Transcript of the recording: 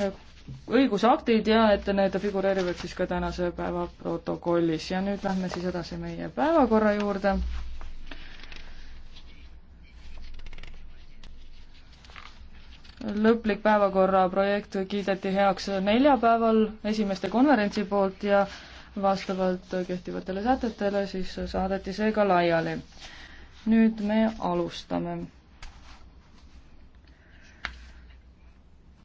õigusaktid ja et need figureerivad siis ka tänase päeva protokollis ja nüüd lähme siis edasi meie päevakorra juurde. lõplik päevakorra projekt kiideti heaks neljapäeval esimeste konverentsi poolt ja vastavalt kehtivatele sätetele siis saadeti see ka laiali. nüüd me alustame